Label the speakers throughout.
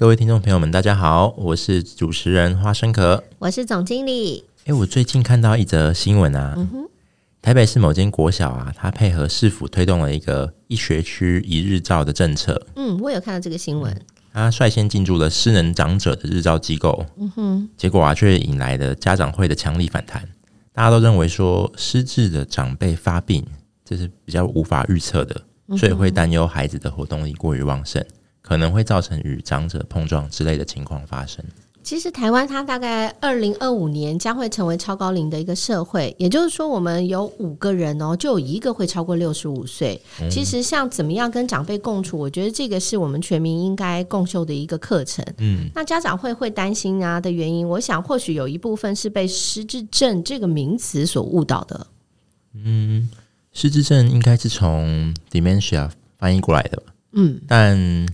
Speaker 1: 各位聽眾朋友們，大家好，我是主持人花生殼，
Speaker 2: 我是總經理。
Speaker 1: 欸，我最近看到一則新聞啊，嗯哼。台北市某間國小啊，它配合市府推動了一個一學區一日照的政策。
Speaker 2: 嗯，我有看到這個新聞。
Speaker 1: 它率先進駐了失能長者的日照機構。嗯哼，結果啊，卻引來了家長會的強力反彈。大家都認為說，失智的長輩發病，這是比較無法預測的，嗯哼。所以會擔憂孩子的活動力過於旺盛。可能會造成與長者碰撞之類的情況發生。
Speaker 2: 其實，台灣它大概二零二五年將會成為超高齡的一個社會，也就是說，我們有五個人哦、喔，就有一個會超過六十五歲。嗯、其實，像怎麼樣跟長輩共處，我覺得這個是我們全民應該共修的一個課程。嗯，那家長會會擔心啊的原因，我想或許有一部分是被失智症這個名詞所誤導的。
Speaker 1: 嗯，失智症應該是從 dementia 翻譯過來的。嗯，但。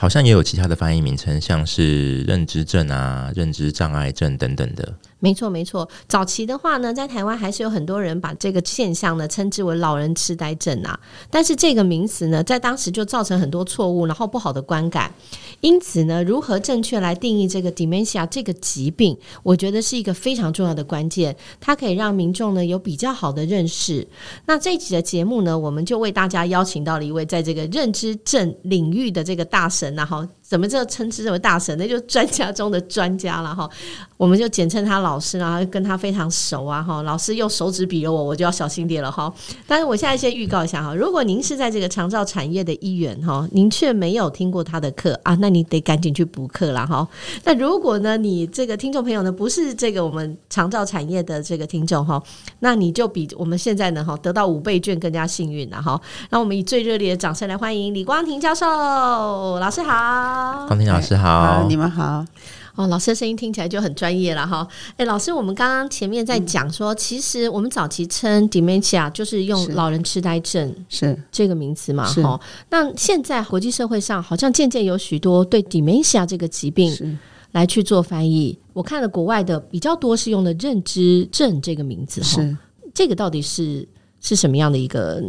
Speaker 1: 好像也有其他的翻譯名稱，像是認知症啊、認知障礙症等等的。
Speaker 2: 沒錯，沒錯。早期的話呢，在台灣還是有很多人把這個現象呢稱之為“老人痴呆症”啊，但是這個名詞呢，在當時就造成很多錯誤，然後不好的觀感。因此呢，如何正確來定義這個 dementia 這個疾病，我覺得是一個非常重要的關鍵，它可以讓民眾呢有比較好的認識。那這一集的節目呢，我們就為大家邀請到了一位在這個認知症領域的這個大神，然後。怎麼這稱之為大神？那就專家中的專家了哈。我們就簡稱他老師啊，然後跟他非常熟啊哈。老師用手指比了我，我就要小心點了哈。但是我現在先預告一下哈，如果您是在這個長照產業的一員哈，您卻沒有聽過他的課啊，那你得趕緊去補課了哈。那如果呢，你這個聽眾朋友呢，不是這個我們長照產業的這個聽眾哈，那你就比我們現在呢哈得到五倍券更加幸運了哈。讓我們以最熱烈的掌聲來歡迎李光廷教授，老師好。
Speaker 1: 黃婷老師好，好，你們
Speaker 2: 好。哦，老師的聲音聽起來就很專業了哈。哎、欸，老師，我們剛剛前面在講說，嗯、其實我們早期稱 Dementia 就是用老人痴呆症，是這個名詞嘛哈。那現在國際社會上好像漸漸有許多對 Dementia 這個疾病來去做翻譯。我看了國外的比較多是用的認知症這個名字
Speaker 3: 哈。
Speaker 2: 是這個到底是是什麼樣的一個？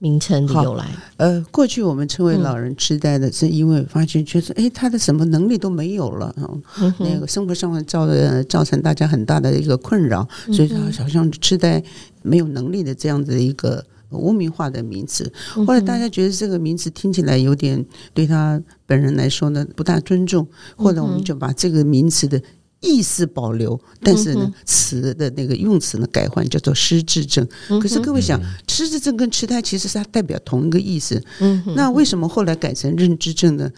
Speaker 3: 名稱的由來，呃，過去我們稱為老人痴呆的，是因為發現就是，誒、欸，他的什麼能力都沒有了，嗯、哼那個生活上面造的造成大家很大的一個困擾，所以他好像痴呆沒有能力的這樣子的一個污名化的名詞，後來，嗯、哼大家覺得這個名詞聽起來有點對他本人來說呢不大尊重，後來我們就把這個名詞的意思保留，但是呢，詞的那個用詞呢改換，叫做失智症。嗯、哼可是各位想，嗯、哼失智症跟痴呆其實是它代表同一個意思。嗯、哼那為什麼後來改成認知症呢？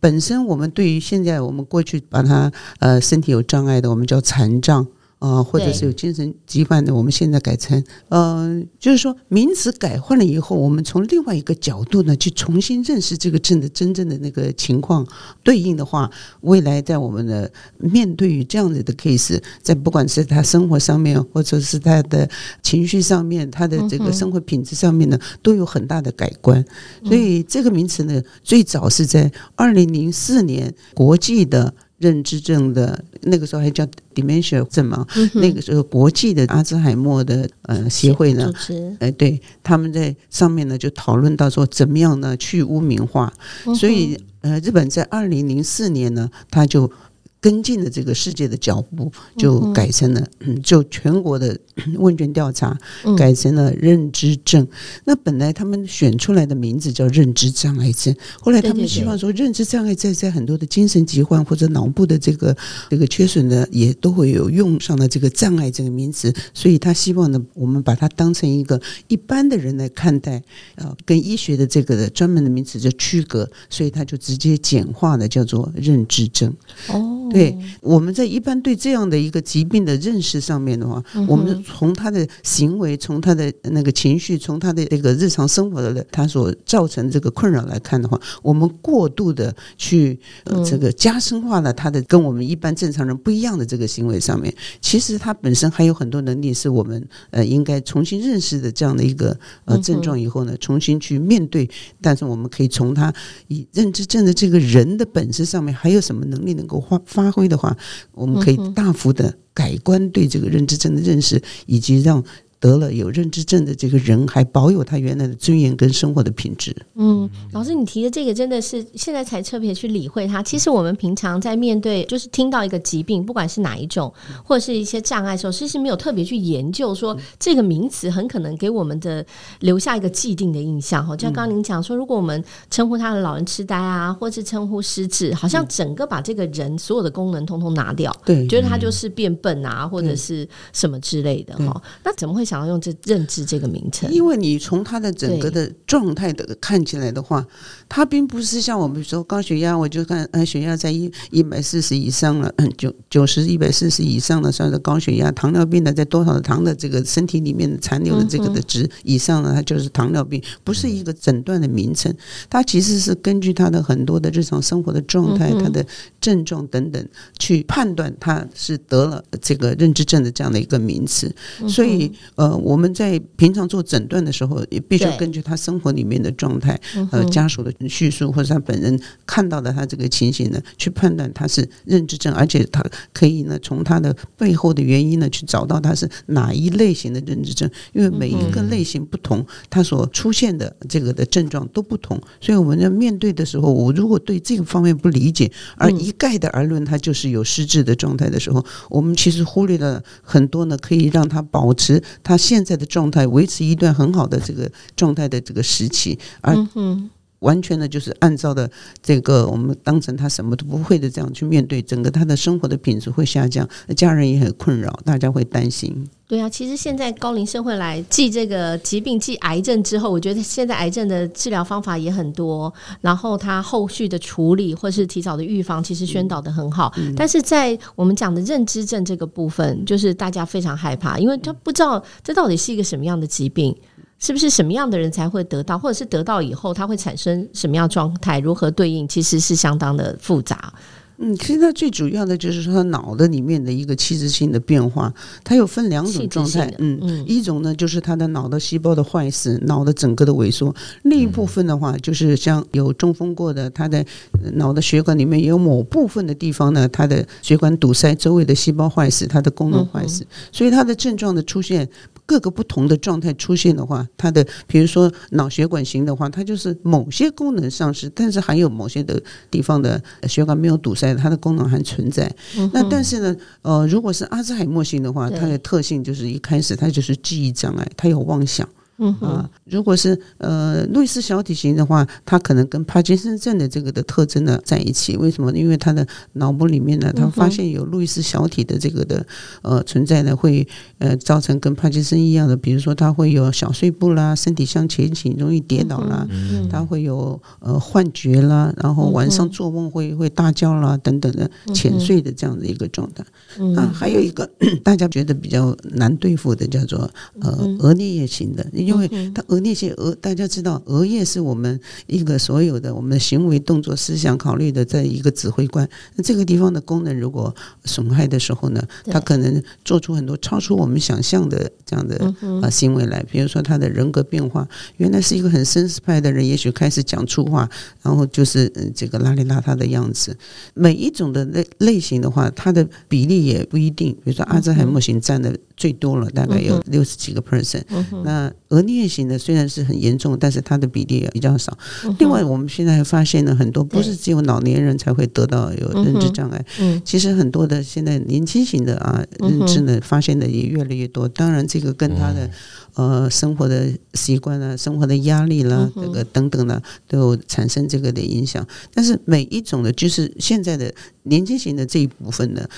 Speaker 3: 本身我們對於現在我們過去把它呃身體有障礙的，我們叫殘障。啊、呃，或者是有精神疾患的，對我們現在改成，呃，就是說名詞改換了以後，我們從另外一個角度呢，去重新認識這個症的真正的那個情況。對應的話，未來在我們的面對於這樣子的 case，在不管是他生活上面，或者是他的情緒上面，他的這個生活品質上面呢，嗯、哼都有很大的改觀。所以這個名詞呢，最早是在二零零四年國際的。認知症的，那個時候還叫 dementia 症嘛，嗯、哼那個時候國際的阿茲海默的呃協會呢，哎、呃、對，他們在上面呢就討論到說怎麼樣呢去污名化，嗯、哼所以呃日本在二零零四年呢，他就跟進了這個世界的腳步，就改成了嗯，就全國的問卷調查，改成了認知症。那本來他們選出來的名字叫認知障礙症，後來他們希望說，認知障礙症在很多的精神疾患或者腦部的這個這個缺損呢，也都會有用上了這個障礙這個名詞，所以他希望呢，我們把它當成一個一般的人來看待，呃，跟醫學的這個的專門的名詞叫區隔，所以他就直接簡化了叫做認知症。哦。對，我們在一般對這樣的一個疾病的認識上面的話，我們從他的行為、從他的那個情緒、從他的這個日常生活的他所造成這個困擾來看的話，我們過度的去、呃、這個加深化了他的跟我們一般正常人不一樣的這個行為上面，其實他本身還有很多能力是我們呃應該重新認識的這樣的一個呃症狀以後呢，重新去面對。但是我們可以從他以認知症的這個人的本質上面，還有什麼能力能夠化。發揮的話，我們可以大幅的改觀對這個認知症的認識，以及讓得了有認知症的這個人還保有他原來的尊嚴跟生活的品質。
Speaker 2: 嗯，老師，你提的這個真的是現在才特別去理會它。其實我們平常在面對就是聽到一個疾病，不管是哪一種，或者是一些障礙的時候，其實沒有特別去研究說，嗯、這個名詞很可能給我們的留下一個既定的印象。哈，就像剛剛您講說，如果我們稱呼他的老人癡呆啊，或是稱呼失智，好像整個把這個人所有的功能通通拿掉，對、嗯，覺得他就是變笨啊，或者是
Speaker 3: 什麼之類的哈，嗯、那怎麼會？想要用這認知這個名稱，因為你從他的整個的狀態的對看起來的話，他並不是像我們說高血壓，我就看呃、啊、血壓在一一百四十以上了，九九十一百四十以上的算是高血壓；糖尿病的在多少的糖的這個身體裡面殘留的這個的值、嗯、哼以上了，它就是糖尿病，不是一個診斷的名稱。嗯、它其實是根據他的很多的日常生活的狀態、他的症狀等等、嗯、哼去判斷他是得了這個認知症的這樣的一個名詞，嗯、哼所以。呃，我們在平常做診斷的時候，也必須根據他生活裡面的狀態，對呃，家屬的敘述或者他本人看到的他這個情形呢，去判斷他是認知症，而且他可以呢，從他的背後的原因呢，去找到他是哪一類型的認知症，因為每一個類型不同，嗯、他所出現的這個的症狀都不同，所以我們在面對的時候，我如果對這個方面不理解，而一概的而論他就是有失智的狀態的時候，我們其實忽略了很多呢，可以讓他保持。他現在的狀態維持一段很好的這個狀態的這個時期，而。嗯完全的，就是按照的這個，我們當成他什麼都不會的這樣去面對，整個他的生活的品質會下降，家人也很困擾，大家會擔心。
Speaker 2: 對啊，其實現在高齡社會來繼這個疾病，繼癌症之後，我覺得現在癌症的治療方法也很多，然後他後續的處理或是提早的預防，其實宣導得很好。嗯。但是在我們講的認知症這個部分，就是大家非常害怕，因為他不知道這到底是一個什麼樣的疾病。是不是什麼樣的人才會得到，或者是得到以後，他會產生什麼樣狀態？如何對應，其實是相當的複
Speaker 3: 雜。嗯，其實它最主要的就是說，腦的裡面的一個器質性的變化，它有分兩種狀態。嗯嗯，一種呢就是他的腦的細胞的壞死，腦的整個的萎縮；另一部分的話，就是像有中風過的，他的腦的血管裡面有某部分的地方呢，他的血管堵塞，周圍的細胞壞死，它的功能壞死，所以它的症狀的出現。各個不同的狀態出現的話，它的比如說腦血管型的話，它就是某些功能喪失，但是還有某些的地方的血管沒有堵塞，它的功能還存在。嗯、哼那但是呢，呃，如果是阿茲海默型的話，它的特性就是一開始它就是記憶障礙，它有妄想。嗯啊，如果是呃路易斯小體型的話，它可能跟帕金森症的這個的特徵呢在一起。為什麼？因為他的腦部裡面呢，他發現有路易斯小體的這個的呃存在呢，會呃造成跟帕金森一樣的，比如說他會有小碎步啦、身體向前傾、容易跌倒啦，他、嗯嗯、會有呃幻覺啦，然後晚上做夢會會大叫啦等等的淺睡、嗯、哼的這樣的一個狀態。啊、嗯，嗯、還有一個大家覺得比較難對付的叫做呃、嗯、哼額顳葉型的。因為它額那些額，大家知道額葉是我們一個所有的我們的行為動作、思想、考慮的在一個指揮官，那這個地方的功能如果損害的時候呢，它可能做出很多超出我們想象的。這樣的啊行為來，比如說他的人格變化，原來是一個很紳士派的人，也許開始講粗話，然後就是這個邋裡邋遢的樣子。每一種的類類型的話，他的比例也不一定。比如說阿茲海默型占的最多了，嗯、哼大概有六十幾個 percent、嗯哼。那額涅型的雖然是很嚴重，但是它的比例也比較少。另外，我們現在發現了很多，不是只有老年人才會得到有認知障礙。嗯嗯、其實很多的現在年輕型的啊認知呢，發現的也越來越多。當然這個這個跟他的呃生活的習慣啊，生活的壓力啦、啊、這個等等呢、啊，都有產生這個的影響。但是每一種的，就是現在的年輕型的這一部分呢。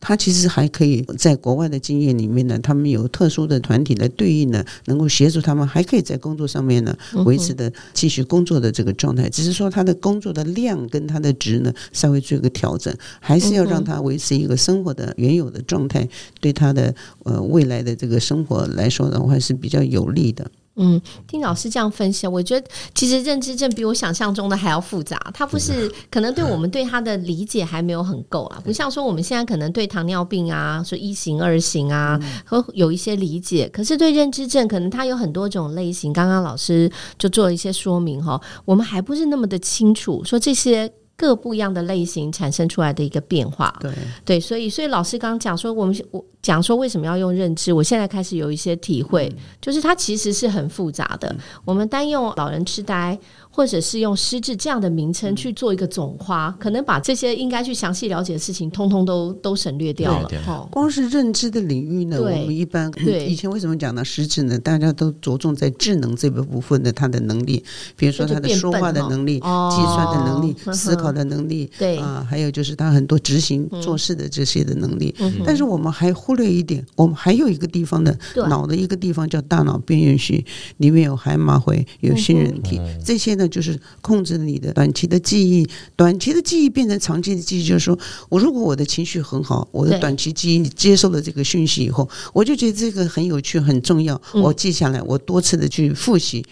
Speaker 3: 他其實還可以在國外的經驗裡面呢，他們有特殊的團體來對應呢，能夠協助他們，還可以在工作上面呢維持的繼續工作的這個狀態，只是說他的工作的量跟他的值，呢稍微做一個調整，還是要讓他維持一個生活的原有的狀態，嗯、哼對他的呃未來的這個生活來說的話是比較有利的。
Speaker 2: 嗯，聽老師這樣分析，我覺得其實認知症比我想象中的還要複雜。它，不是可能，對我們對它的理解還沒有很夠啦啊，不像說我們現在可能對糖尿病啊，說一型、二型啊，嗯、和有一些理解。可是對認知症，可能它有很多種類型。剛剛老師就做了一些說明哈，我們還不是那麼的清楚，說這些各不一樣的類型產生出來的一個變化對，對對，所以所以老師剛講說，我們我講說為什麼要用認知？我現在開始有一些體會，就是它其實是很複雜的。嗯、我們單用老人痴呆或者是用失智這樣的名稱去做一個總括，嗯、可能把這些應該去詳細了解的事情，通通都都省略掉了。好，對
Speaker 3: 哦、光是認知的領域呢，對我們一般對以前為什麼講呢？失智呢？大家都着重在智能這個部分的，他的能力，比如說他的說話的能力、計算的能力、哦、呵呵思考。的能力，對、呃、啊，還有就是他很多執行做事的這些的能力。嗯嗯、但是我們還忽略一點，我們還有一個地方的對腦的一個地方叫大腦邊緣區，裡面有海馬迴，有杏仁體，嗯、哼這些呢就是控制你的短期的記憶，短期的記憶變成長期的記憶。就是說我如果我的情緒很好，我的短期記憶，你接受了這個訊息以後，對我就覺得這個很有趣、很重要，我記下來，我多次的去複習。嗯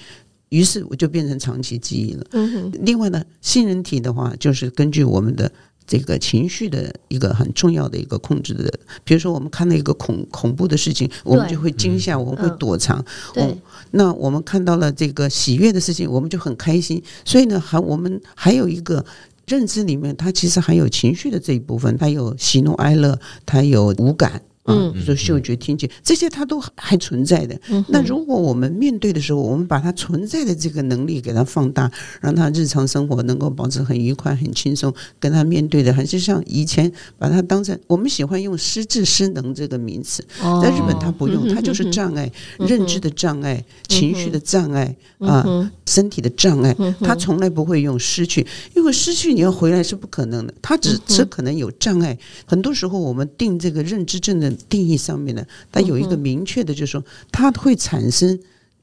Speaker 3: 於是我就變成長期記憶了。嗯哼。另外呢，杏仁體的話，就是根據我們的這個情緒的一個很重要的一個控制的，比如說我們看到一個恐恐怖的事情，我們就會驚嚇，對我們會躲藏。嗯哦、對。那我們看到了這個喜悅的事情，我們就很開心。所以呢，還我們還有一個認知裡面，它其實還有情緒的這一部分，它有喜怒哀樂，它有五感。嗯，啊、比如說嗅覺、聽覺、嗯、這些，它都還存在的。嗯、哼那如果我們面對的時候，我們把它存在的這個能力給它放大，讓他日常生活能夠保持很愉快、很輕鬆。跟他面對的還是像以前把它當成我們喜歡用失智、失能這個名詞，哦、在日本它不用，它就是障礙，認知的障礙、嗯、哼情緒的障礙、嗯、哼啊，身體的障礙，它從來不會用失去，因為失去你要回來是不可能的，它只只可能有障礙。很多時候我們定這個認知症的定義上面呢，它有一個明確的，就是說，它會產生。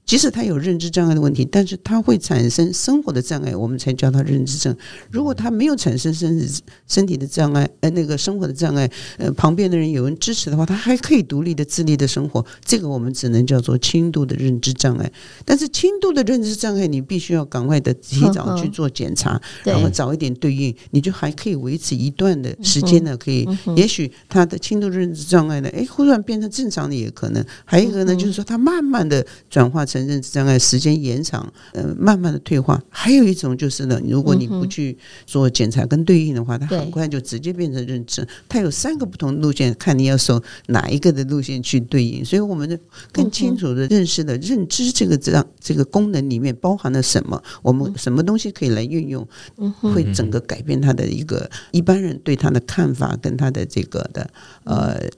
Speaker 3: 即使他有認知障礙的問題，但是他會產生生活的障礙，我們才叫他認知症。如果他沒有產生身體身體的障礙，呃，那個生活的障礙，呃，旁邊的人有人支持的話，他還可以獨立的、自立的生活。這個我們只能叫做輕度的認知障礙。但是輕度的認知障礙，你必須要趕快的、提早去做檢查，呵呵然後早一點對應，對你就還可以維持一段的時間呢。可以，嗯嗯、也許他的輕度認知障礙呢，哎，忽然變成正常的也可能。還有一個呢，嗯、哼就是說他慢慢的轉化成。認知障礙，時間延長，嗯、呃，慢慢的退化。還有一種就是呢，如果你不去做檢查跟對應的話，它、嗯、哼很快就直接變成認知。它對有三個不同路線，看你要走哪一個的路線去對應。所以，我們更清楚的認識的認知這個這樣，這個功能裡面包含了什麼，我們什麼東西可以來運用，會整個改變他的一個一般人對他的看法跟他的這個的呃。嗯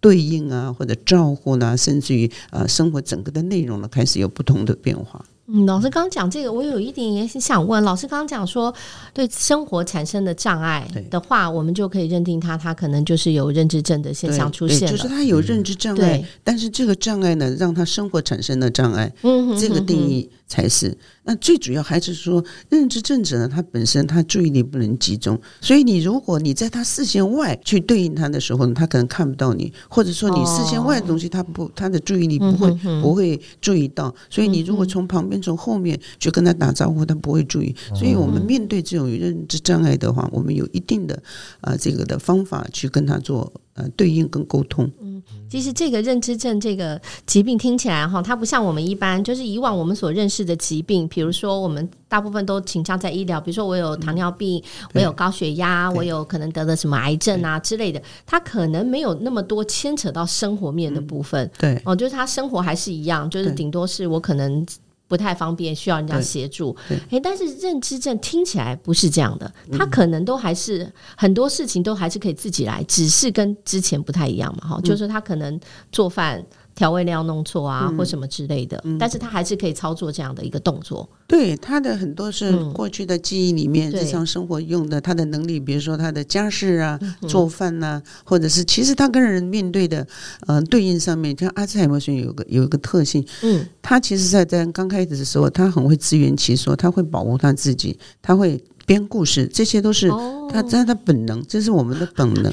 Speaker 3: 對應啊，或者照顧呢、啊，甚至於呃，生活整個的內容呢，開始有不同的變化。
Speaker 2: 嗯，老師剛講這個，我有一點也很想問。老師剛講說，對生活產生的障礙的話，對我們就可以認定他，他可能就是有認知症的現象出現了，對對，就是他有認
Speaker 3: 知障礙。嗯、但是這個障礙呢，讓他生活產生了障礙。嗯哼哼哼，這個定義。才是，那最主要還是說認知症者呢，他本身他注意力不能集中，所以你如果你在他視線外去對應他的時候呢，他可能看不到你，或者說你視線外的東西他不，哦、他的注意力不會嗯哼嗯不會注意到，所以你如果從旁邊從後面去跟他打招呼，他不會注意。所以我們面對這種認知障礙的話，我們有一定的啊、呃、這個的方法去跟他做。呃，對應跟溝通。嗯，其實這
Speaker 2: 個認知症這個疾病聽起來哈，它不像我們一般，就是以往我們所認識的疾病，比如說我們大部分都傾向在醫療，比如說我有糖尿病，嗯、我有高血壓，對，我有可能得了什麼癌症啊之類的，它可能沒有那麼多牽扯到生活面的部分。嗯、對，哦，就是他生活還是一樣，就是頂多是我可能。不太方便，需要人家協助、欸。但是認知症聽起來不是這樣的，他可能都還是、嗯、很多事情都還是可以自己來，只是跟之前不太一樣嘛。哈、嗯，就是他可能做飯。調味料弄錯啊，嗯、或什麼之類的，嗯、但是他還是可以操作這樣的一個動
Speaker 3: 作。對，他的很多是過去的記憶裡面、嗯、日常生活用的，他的能力，比如說他的家事啊、嗯、做飯吶、啊，或者是其實他跟人面對的，嗯、呃，對應上面，像阿茲海默症有個有一個特性，嗯，他其實，在在剛開始的時候，他很會自圓其說，他會保護他自己，他會。編故事，這些都是他真的本能，oh. 這是我們的本能。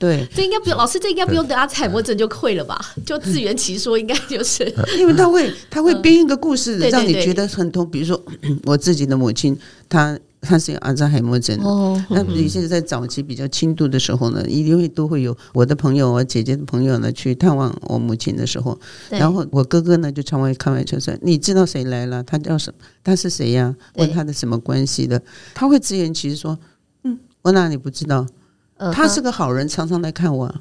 Speaker 3: 對，
Speaker 2: 這應該不用老師，這應該不用得阿茲海默症就會了吧？就自圓其說，應該就是、嗯，因為他會，他會編一個故事，嗯、讓你覺
Speaker 1: 得
Speaker 3: 很痛。對對對，比如說，我自己的母親，他。他是有阿茲海默症的，哦、呵呵那比如現在早期比較輕度的時候呢，一定會都會有我的朋友、我姐姐的朋友呢去探望我母親的時候，對然後我哥哥呢就常常開玩笑說：“你知道誰來了？他叫什麼？他是誰呀、啊？問他的什麼關係的？對他會自圓其說，嗯，我哪裡不知道？呃、哈他是個好人，常常來看我。”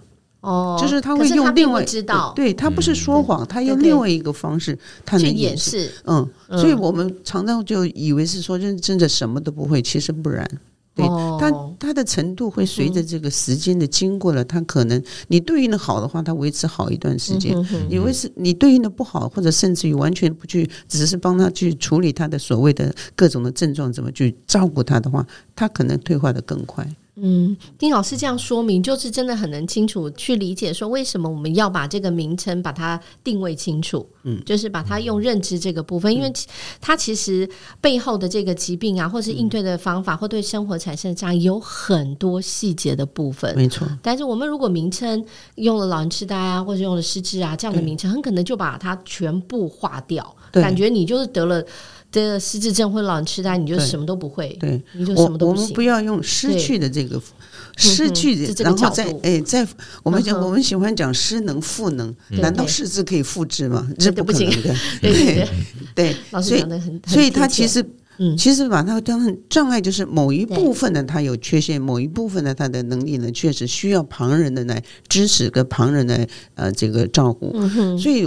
Speaker 2: 哦，就是他會用另外，他知道對，
Speaker 3: 他不是說謊，嗯、他用另外一個方式、嗯、他，方式對他能掩飾。對嗯，所以我們常常就以為是說認真的什麼都不會，其實不然。
Speaker 1: 對、嗯、他，
Speaker 3: 他的程度會隨着這個時間的經過了，嗯、他可能你對應的好的話，他維持好一段時間，嗯、哼哼以為是你對應的不好，或者甚至於完全不去，只是幫他去處理他的所謂的各種的症狀，怎麼去照顧他的話，他可能退化得更快。
Speaker 2: 嗯，丁老師這樣說明，就是真的很能清楚去理解，說為什麼我們要把這個名稱把它定位清楚。嗯，就是把它用認知這個部分，嗯、因為它其實背後的這個疾病啊，或是應對的方法，嗯、或對生活產生的障礙有很多細節的部
Speaker 3: 分，沒錯。
Speaker 2: 但是我們如果名稱用了“老人癡呆”啊，或者用了“失智”啊這樣的名稱，嗯、很可能就把它全部劃掉，對感覺你就是得了。這失智症或老年癡呆，你就什麼都不會，對，你就什麼都不行。我們不要用失去的
Speaker 3: 這個失去的，然後再哎再我們講我們喜歡講失能復能，難道失智可以復智嗎？這不可能的，對對對。老所以他其實其實把它當成障礙，就是某一部分呢，它有缺陷；某一部分呢，它的能力呢，確實需要旁人的來支持，跟旁人來呃這個照顧。所以。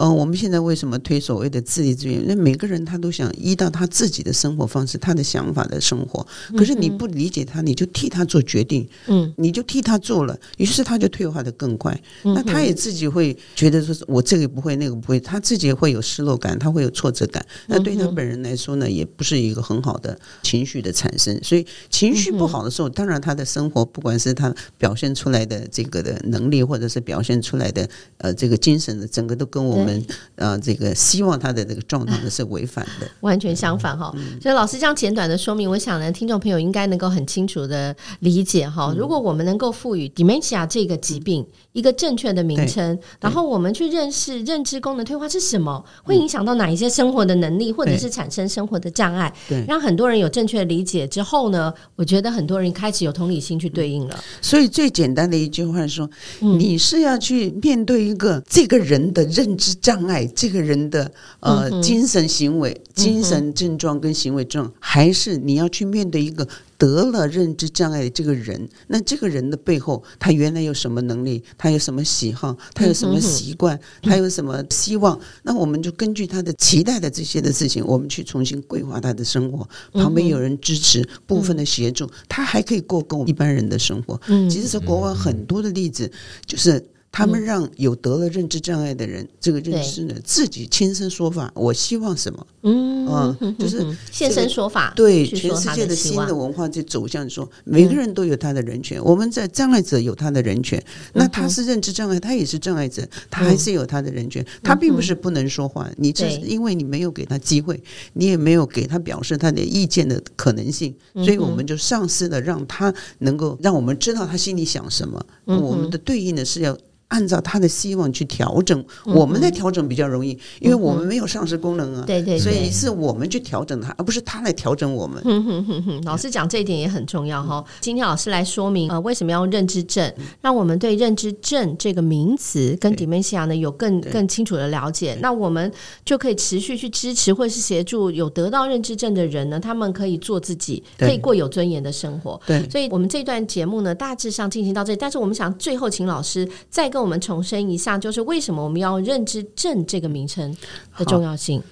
Speaker 3: 嗯、呃，我們現在為什麼推所謂的自立自願，那每個人他都想依照他自己的生活方式，他的想法的生活。可是你不理解他，你就替他做決定，嗯，你就替他做了，於是他就退化得更快。那他也自己會覺得說是我這個不會，那個不會，他自己會有失落感，他會有挫折感。那對他本人來說呢，也不是一個很好的情緒的產生。所以情緒不好的時候，當然他的生活，不管是他表現出來的這個的能力，或者是表現出來的呃這個精神的整個都跟我們。啊、呃，這個希望他的這個狀態是違反的，
Speaker 2: 完全相反哈。對所以老師這樣簡短的說明，嗯、我想呢，聽眾朋友應該能夠很清楚的理解哈。嗯、如果我們能夠賦予 dementia 這個疾病一個正確的名稱，嗯、然後我們去認識認知功能退化是什麼，嗯、會影響到哪一些生活的能力，或者是產生生活的障礙，嗯、讓很多人有正確的理解之後呢，我覺得很多人開始有同理心
Speaker 3: 去對應了、嗯。所以最簡單的一句話說，嗯、你是要去面對一個這個人的認知。障礙，這個人的呃精神行為、精神症狀跟行為症，還是你要去面對一個得了認知障礙的這個人。那這個人的背後，他原來有什麼能力？他有什麼喜好？他有什麼習慣？他有什麼希望？那我們就根據他的期待的這些的事情，我們去重新規劃他的生活。旁邊有人支持，部分的協助，他還可以過夠一般人的生活。嗯，其實是國外很多的例子，就是。他們讓有得了認知障礙的人，這個認知呢自己親身說法，我希望什麼？嗯，
Speaker 1: 啊，就是現身說法。對，全世界的新的
Speaker 3: 文化在走向說，每個人都有他的人權。我們在障礙者有他的人權，那他是認知障礙，他也是障礙者，他還是有他的人權。他並不是不能說話，你這是因為你沒有給他機會，你也沒有給他表示他的意見的可能性，所以我們就喪失了讓他能夠讓我們知道他心裡想什麼。我們的對應的是要。按照他的希望去調整，我們的調整比較容易，因為我們沒有喪失功能啊，對對，所以是我們去調整他，而不是他來調整我們。
Speaker 2: 嗯哼哼哼，老師講這一點也很重要哈。今天老師來說明啊，為什麼要認知症，讓我們對認知症這個名詞跟 Dementia 呢有更更清楚的了解，那我們就可以持續去支持或是協助有得到認知症的人呢，他們可以做自己，可以過有尊嚴的生活。對，所以我們這段節目呢大致上進行到這裡，但是我們想最後請老師再跟。我們重申一下，就是為什麼我們要認知症這個名稱的重要性。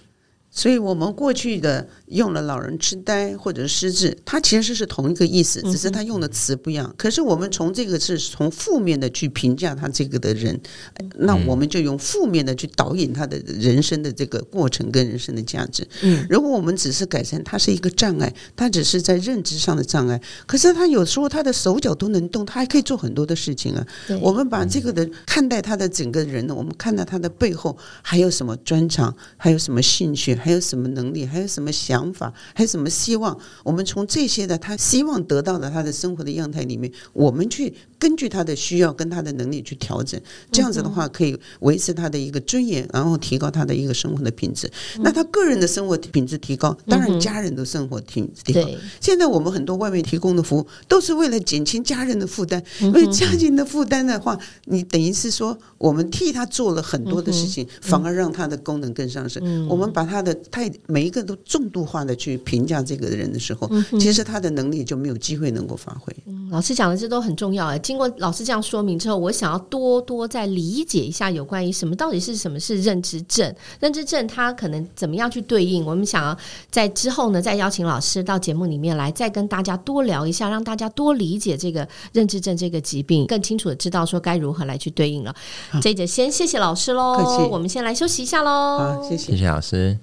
Speaker 3: 所以我們過去的用了“老人痴呆”或者“失智”，它其實是同一個意思，只是他用的詞不一樣。可是我們從這個是從負面的去評價他這個的人，那我們就用負面的去導引他的人生的這個過程跟人生的價值。如果我們只是改善，他是一個障礙，他只是在認知上的障礙，可是他有時候他的手腳都能動，他還可以做很多的事情啊。我們把這個的看待他的整個人呢，我們看到他的背後還有什麼專長，還有什麼興趣。還有什麼能力？還有什麼想法？還有什麼希望？我們從這些的他希望得到的他的生活的樣態裡面，我們去根據他的需要跟他的能力去調整。這樣子的話，可以維持他的一個尊嚴，然後提高他的一個生活的品質。那他個人的生活品質提高，當然家人的生活品質提高。現在我們很多外面提供的服務，都是為了減輕家人的負擔。因為家庭的負擔的話，你等於是說，我們替他做了很多的事情，反而讓他的功能更上升。我們把他的。太每一個都重度化的去評價這個人的時候，其實他的能力就沒有機會能夠發揮。嗯，
Speaker 2: 老師講的這都很重要啊！經過老師這樣說明之後，我想要多多再理解一下有關於什麼到底是什麼是認知症？認知症它可能怎麼樣去對應？我們想要在之後呢，再邀請老師到節目裡面來，再跟大家多聊一下，讓大家多理解這個認知症這個疾病，更清楚的知道說該如何來去對應了。好，這一節先謝謝老師嘍，客氣，我們先來休息一下嘍。好，謝謝謝
Speaker 1: 謝老師。